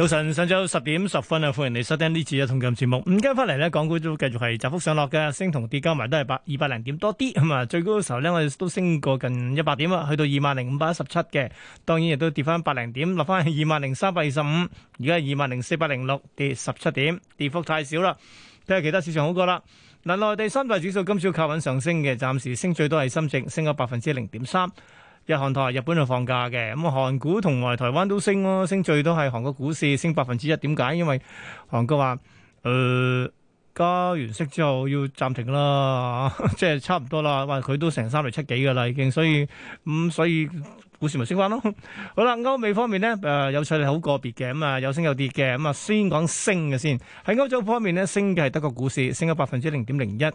早晨，上晝十點十分啊，歡迎你收聽呢次嘅《同 金樂》節目。咁跟翻嚟咧，港股都繼續係窄幅上落嘅，升同跌加埋都係百二百零點多啲。咁啊，最高嘅時候呢，我哋都升過近一百點啊，去到二萬零五百一十七嘅。當然亦都跌翻百零點，落翻二萬零三百二十五。而家二萬零四百零六，跌十七點，跌幅太少啦。睇下其他市場好過啦。嗱，內地三大指數今朝靠穩上升嘅，暫時升最多係深證，升咗百分之零點三。日韓台日本就放假嘅。咁啊韓股同埋台灣都升咯，升最多係韓國股市升百分之一，點解？因為韓國話，誒、呃、加完息之後要暫停啦， 即係差唔多啦，哇！佢都成三釐七幾㗎喇已經 3,，所以咁、嗯、所以。股市咪升翻咯，好啦，歐美方面咧，誒、呃，有趣係好個別嘅，咁啊有升有跌嘅，咁啊先講升嘅先。喺歐洲方面咧，升嘅係德國股市，升咗百分之零點零一嘅，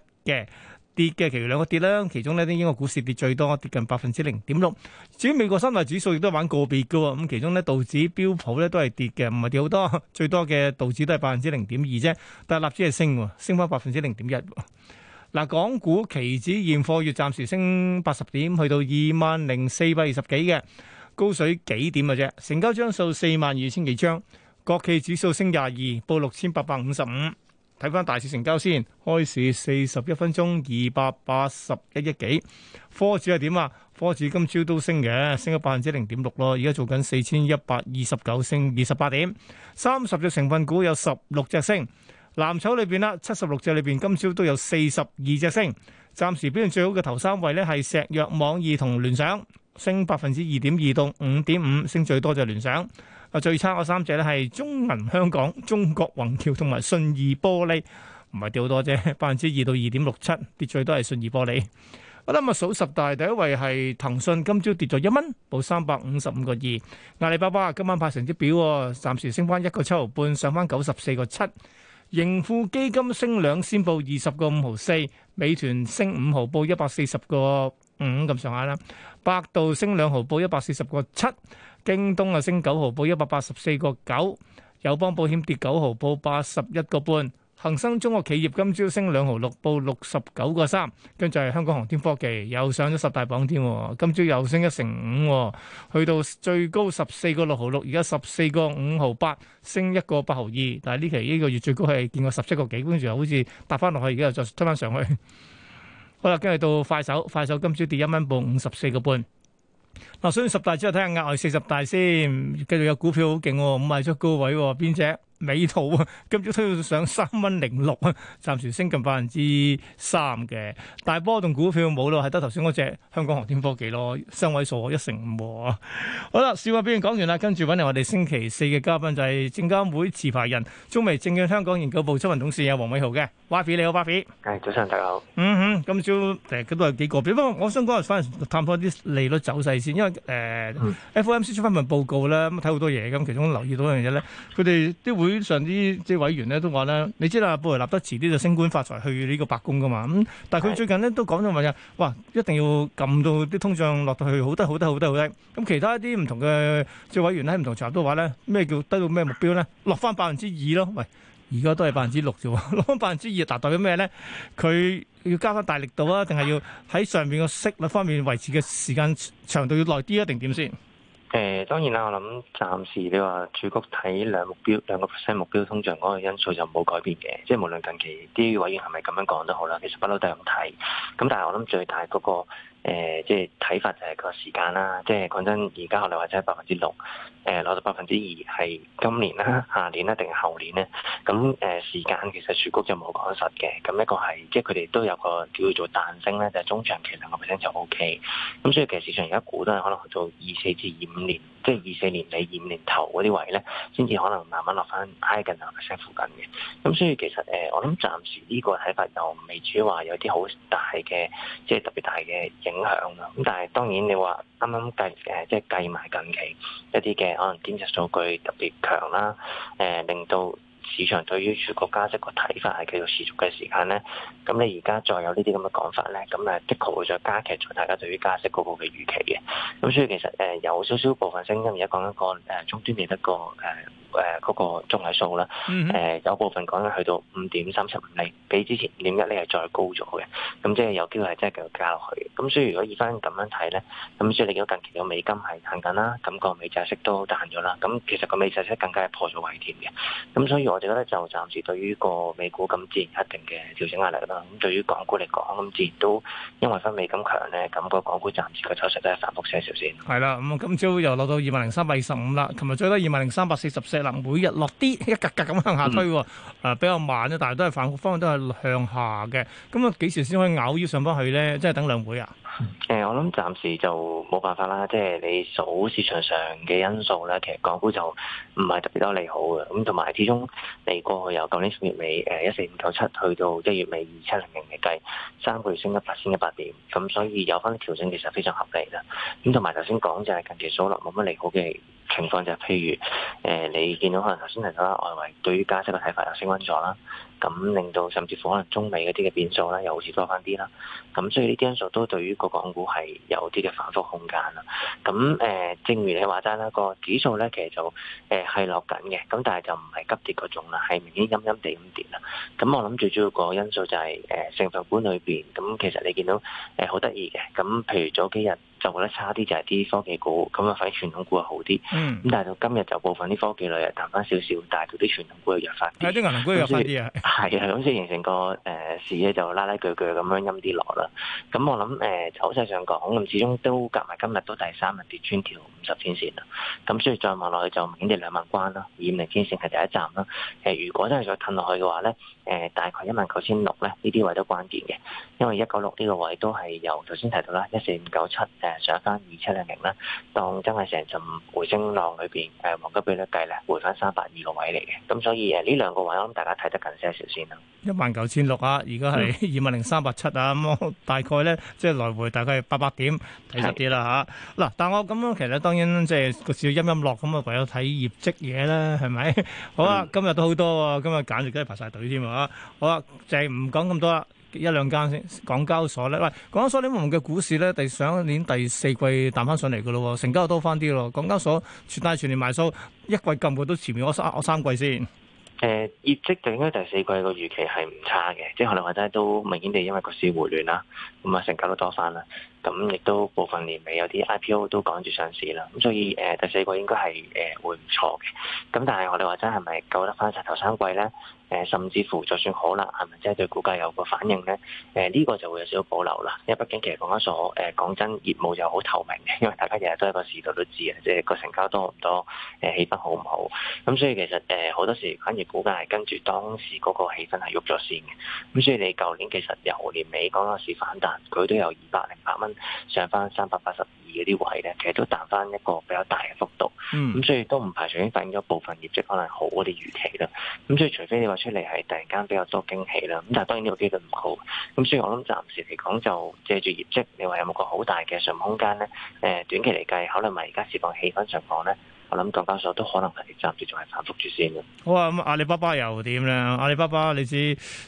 跌嘅，其餘兩個跌啦，其中呢，啲英國股市跌最多，跌近百分之零點六。至於美國三大指數亦都玩個別嘅，咁其中咧道指、標普咧都係跌嘅，唔係跌好多，最多嘅道指都係百分之零點二啫，但係納指係升，升翻百分之零點一。嗱，港股期指現貨月暫時升八十點，去到二萬零四百二十幾嘅高水幾點嘅啫。成交張數四萬二千幾張。國企指數升廿二，報六千八百五十五。睇翻大市成交先，開市四十一分鐘二百八十一億幾。科指係點啊？科指今朝都升嘅，升咗百分之零點六咯。而家做緊四千一百二十九，升二十八點。三十隻成分股有十六隻升。藍籌裏邊啦，七十六隻裏邊，今朝都有四十二隻升。暫時表現最好嘅頭三位呢，係石藥網易同聯想，升百分之二點二到五點五，升最多就聯想。啊，最差嗰三隻呢，係中銀香港、中國宏橋同埋信義玻璃，唔係掉好多啫，百分之二到二點六七，跌最多係信義玻璃。我諗啊，數十大第一位係騰訊，今朝跌咗一蚊，報三百五十五個二。阿里巴巴今晚拍成績表喎，暫時升翻一個七毫半，上翻九十四個七。盈富基金升兩仙，報二十個五毫四，美團升五毫報一百四十個五咁上下啦，百度升兩毫報一百四十個七，京東啊升九毫報一百八十四個九，友邦保險跌九毫報八十一個半。恒生中國企業今朝升兩毫六，報六十九個三，跟住係香港航天科技又上咗十大榜添，今朝又升一成五，去到最高十四個六毫六，而家十四個五毫八，升一個八毫二。但係呢期呢個月最高係見過十七個幾，跟住好似搭翻落去，而家又再推翻上去。好啦，跟住到快手，快手今朝跌一蚊，報五十四個半。嗱，所以十大之後睇下額外四十大先，繼續有股票好勁，咁賣出高位邊隻？美圖啊，今朝推要上三蚊零六啊，暫時升近百分之三嘅，大波動股票冇咯，係得頭先嗰隻香港航天科技咯，雙位數一成五喎。好啦，笑話表演講完講完啦，跟住揾嚟我哋星期四嘅嘉賓就係證監會持牌人、中維證券香港研究部執行董事啊，黃偉豪嘅。Buffy 你好，Buffy。誒，早上大家好。嗯哼，今朝誒，佢、呃、都係幾個，不過我想講係翻探討啲利率走勢先，因為誒、呃嗯，FOMC 出翻份報告啦，咁睇好多嘢，咁其中留意到一樣嘢咧，佢哋都會。通常啲即係委員咧都話咧，你知道阿布萊納德遲啲就升官發財去呢個白宮噶嘛。咁但係佢最近咧都講咗話嘅，哇！一定要撳到啲通脹落到去好低、好低、好低、好低。咁、嗯、其他一啲唔同嘅即係委員咧，唔同場合都話咧，咩叫低到咩目標咧？落翻百分之二咯。喂，而家都係百分之六啫喎，落翻百分之二，達到咗咩咧？佢要加翻大力度啊，定係要喺上邊個息率方面維持嘅時間長度要耐啲啊，定點先？誒當然啦，我諗暫時你話儲局睇兩目標兩個 percent 目標通脹嗰個因素就冇改變嘅，即係無論近期啲委員係咪咁樣講都好啦，其實不嬲都係咁睇。咁但係我諗最大嗰個。誒、呃，即係睇法就係個時間啦，即係講真，而家可能或者係百分之六，誒、呃、攞到百分之二係今年啦、下年啦，定係後年咧？咁誒、呃、時間其實儲局就冇講實嘅，咁一個係即係佢哋都有個叫做彈性咧，就係、是、中長期兩個 percent 就 O K。咁所以其實市場而家估都係可能去到二四至二五年，即係二四年尾、二五年頭嗰啲位咧，先至可能慢慢落翻挨近兩個 percent 附近嘅。咁所以其實誒、呃，我諗暫時呢個睇法就未至於話有啲好大嘅，即係特別大嘅影。影響啦，咁但係當然你話啱啱計誒，即係計埋近期一啲嘅可能經濟數據特別強啦，誒、呃、令到市場對於國加息個睇法係繼續持續嘅時間咧，咁你而家再有這這呢啲咁嘅講法咧，咁誒的確會再加劇咗大家對於加息個嘅預期嘅，咁所以其實誒有少少部分聲音而家講一個誒、呃、終端嚟得個誒。呃誒嗰個綜合數啦，誒、嗯 呃、有部分講緊去到五點三十五厘，比之前五點一釐係再高咗嘅，咁即係有機會係真係繼續加落去。咁所以如果以翻咁樣睇咧，咁所以你見到近期美、那個美金係彈緊啦，咁個美債息都彈咗啦，咁其實個美債息更加係破咗位添嘅。咁所以我哋覺得就暫時對於個美股咁自然一定嘅調整壓力啦。咁對於港股嚟講，咁自然都因為分美金強咧，咁、那個港股暫時個走勢都係反覆少少先。係啦，咁、嗯、今朝又落到二萬零三百二十五啦，琴日最多二萬零三百四十四。嗱，每日落啲一格格咁向下推，誒、嗯、比較慢咧，但係都係反方向都係向下嘅，咁啊幾時先可以咬腰上返去咧？即係等兩會啊！ 嗯、 誒，我諗暫時就冇辦法啦，即係你數市場上嘅因素咧，其實港股就唔係特別多利好嘅，咁同埋始終你過去由舊年十月尾誒一四五九七去到一月尾二七零零嚟計，三個月升一百先一百點，咁所以有翻啲調整其實非常合理啦。咁同埋頭先講就係近期數落冇乜利好嘅情況就係譬如誒、呃、你見到可能頭先提到外圍對於加息嘅睇法又升温咗啦。咁令到甚至乎可能中美嗰啲嘅變數咧，又好似多翻啲啦。咁所以呢啲因素都對於個港股係有啲嘅反覆空間啦。咁誒、呃，正如你話齋啦，個指數咧其實就誒係落緊嘅，咁、呃、但係就唔係急跌嗰種啦，係明顯陰陰地咁跌啦。咁我諗最主要個因素就係誒成份股裏邊，咁、呃、其實你見到誒好得意嘅，咁、呃、譬如早幾日，就覺得差啲就係啲科技股，咁啊反而傳統股又好啲。咁、嗯、但係到今日就部分啲科技類又彈翻少少，但係啲傳統股又弱化啲。係啲銀行股弱化啲啊！係啊，咁所以形成個誒市咧就拉拉鋸鋸咁樣陰啲落啦。咁我諗誒，就好在想講，咁始終都夾埋今日都第三日跌穿條五十天線啦。咁所以再望落去就明顯地兩萬關啦，二五零天線係第一站啦。誒、呃，如果真係再褪落去嘅話咧，誒、呃呃、大概一萬九千六咧呢啲位都關鍵嘅，因為一九六呢個位都係由頭先提到啦，一四五九七。誒上翻二七零零啦，當真係成陣回升浪裏邊，誒黃金比率計咧，回翻三百二個位嚟嘅。咁所以誒呢兩個位，我諗大家睇得近些少先啦。一萬九千六啊，而家係二萬零三百七啊。咁、嗯、 大概咧，即、就、係、是、來回大概八百點睇實啲啦吓，嗱、啊，是但我咁樣其實當然即係個市陰陰落咁啊，唯有睇業績嘢啦，係咪？好啊，嗯、今日都好多啊，今日簡直都排晒隊添啊。好啊，就係唔講咁多啦。一兩間先，港交所咧，喂，港交所呢部分嘅股市咧，第上一年第四季彈翻上嚟嘅咯，成交都多翻啲咯，港交所全大全年賣數一季咁會都前面我三我三季先，誒、呃、業績就應該第四季個預期係唔差嘅，即係可能或者都明顯地因為個市回暖啦，咁啊成交都多翻啦。咁亦都部分年尾有啲 IPO 都趕住上市啦，咁所以誒、呃、第四個應該係誒會唔錯嘅。咁但係我哋話真係咪夠得翻晒頭三季呢？誒、呃、甚至乎就算好啦，係咪即係對股價有個反應呢？誒、呃、呢、這個就會有少少保留啦，因為畢竟其實港交所誒講、呃、真業務就好透明嘅，因為大家日日都喺個市度都知嘅，即係個成交多唔多，誒、呃、氣氛好唔好。咁所以其實誒好、呃、多時反而股價係跟住當時嗰個氣氛係喐咗先嘅。咁所以你舊年其實由年尾嗰個市反彈，佢都有二百零八蚊。上翻三百八十二嗰啲位咧，其實都彈翻一個比較大嘅幅度，咁所以都唔排除已經反映咗部分業績可能好嗰啲預期啦。咁所以除非你話出嚟係突然間比較多驚喜啦，咁但係當然呢個機率唔好。咁、嗯嗯、所以我諗暫時嚟講就借住業績，你話有冇個好大嘅上空間咧？誒，短期嚟計，考慮埋而家市況氣氛上講咧。我諗更加上都可能係暫時仲係反覆住先嘅。好啊，咁阿里巴巴又點咧？阿里巴巴你知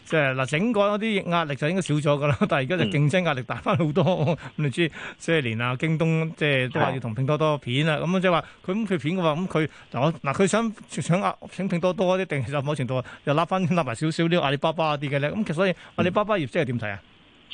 即係嗱，整個嗰啲壓力就應該少咗噶啦。但係而家就競爭壓力大翻好多。咁你、嗯、 知這些年啊，京東即係、就是、都話要同拼多多片,、嗯、片啊，咁即係話佢咁佢片嘅話咁佢嗱嗱佢想想啊請拼多多啲，定其實某程度又拉翻拉埋少少呢個阿里巴巴啲嘅咧。咁其實所以阿里巴巴業績係點睇啊？嗯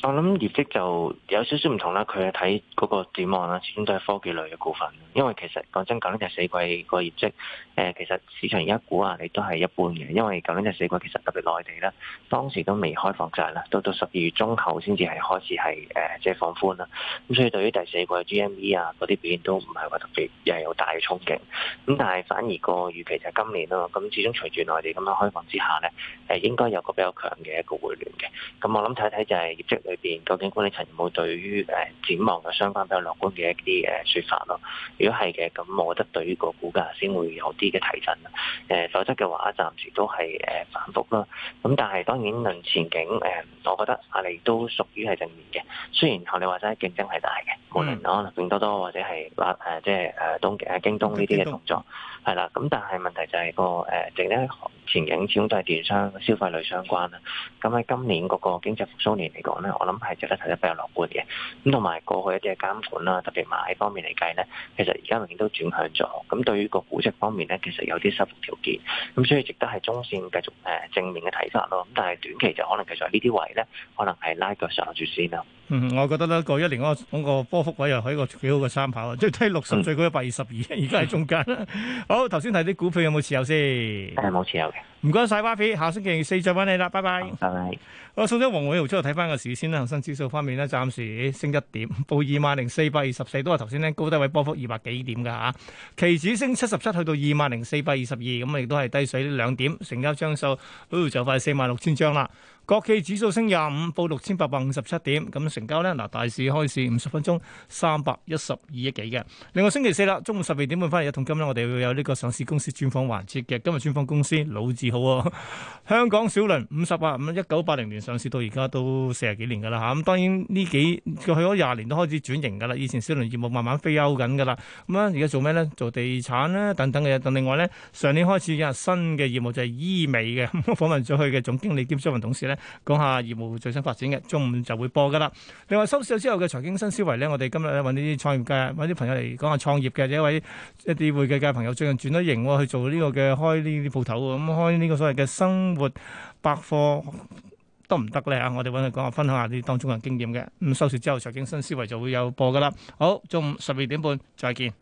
我諗業績就有少少唔同啦，佢係睇嗰個展望啦，始終都係科技類嘅股份，因為其實講真，舊年第四季個業績，誒、呃、其實市場而家估啊，你都係一般嘅，因為舊年第四季其實特別內地啦，當時都未開放晒啦，到到十二月中後先至係開始係誒即係放寬啦，咁所以對於第四季嘅 GME 啊嗰啲表現都唔係話特別又係有大嘅憧憬。咁但係反而個預期就係今年啦，咁始終隨住內地咁樣開放之下咧，誒應該有個比較強嘅一個回暖嘅，咁我諗睇睇就係業績。裏邊究竟管理層有冇對於誒展望嘅相關比較樂觀嘅一啲誒説法咯？如果係嘅，咁我覺得對於個股價先會有啲嘅提振啦。誒、呃，否則嘅話，暫時都係誒反覆啦。咁但係當然論前景誒、呃，我覺得阿里都屬於係正面嘅。雖然學你話齋競爭係大嘅，無論可能拼多多或者係話、呃、即係誒東誒京東呢啲嘅動作係啦。咁、嗯、但係問題就係個誒整體前景始終都係電商消費類相關啦。咁喺今年嗰個經濟復甦年嚟講咧，我諗係值得睇得比較樂觀嘅，咁同埋過去一啲嘅監管啦，特別買方面嚟計咧，其實而家明顯都轉向咗，咁對於個估值方面咧，其實有啲修復條件，咁所以值得係中線繼續誒正面嘅睇法咯，咁但係短期就可能繼續喺呢啲位咧，可能係拉腳上下住先啦。嗯，我覺得呢個一年嗰嗰個波幅位又係一個幾好嘅參考，最低六十，最高一百二十二，而家喺中間啦。 好，頭先睇啲股票有冇持有先？誒、嗯，冇持有嘅。唔該晒，巴菲下星期四再揾你啦，拜拜。嗯、拜拜。好，送咗黃偉豪出去睇翻個市先啦。恒生指數方面呢，暫時升一點，報二萬零四百二十四，都係頭先呢高低位波幅二百幾點嘅吓。期、啊、指升七十七，去到二萬零四百二十二，咁亦都係低水兩點。成交張數，哎、呃，就快四萬六千張啦。國企指數升廿五，報六千八百五十七點。咁成交咧，嗱，大市開市五十分鐘三百一十二億幾嘅。另外星期四啦，中午十二點半翻嚟，一桶金咧，我哋會有呢個上市公司專訪環節嘅。今日專訪公司老字號、哦， 香港小輪五十八，五一九八零年上市到而家都四十幾年噶啦吓。咁當然呢幾佢去咗廿年都開始轉型噶啦，以前小輪業務慢慢飛歐緊噶啦。咁啊，而家做咩咧？做地產咧，等等嘅嘢。同另外咧，上年開始有新嘅業務就係醫美嘅。訪 問咗佢嘅總經理兼專門董事咧。講下業務最新發展嘅，中午就會播噶啦。另外收市之後嘅財經新思維咧，我哋今日咧揾啲創業界，揾啲朋友嚟講下創業嘅，者一位一啲會計界朋友最近轉咗型，去做呢個嘅開呢啲鋪頭，咁開呢個所謂嘅生活百貨，得唔得咧？吓，我哋揾佢講下，分享下啲當中嘅經驗嘅。咁、嗯、收市之後財經新思維就會有播噶啦。好，中午十二點半再見。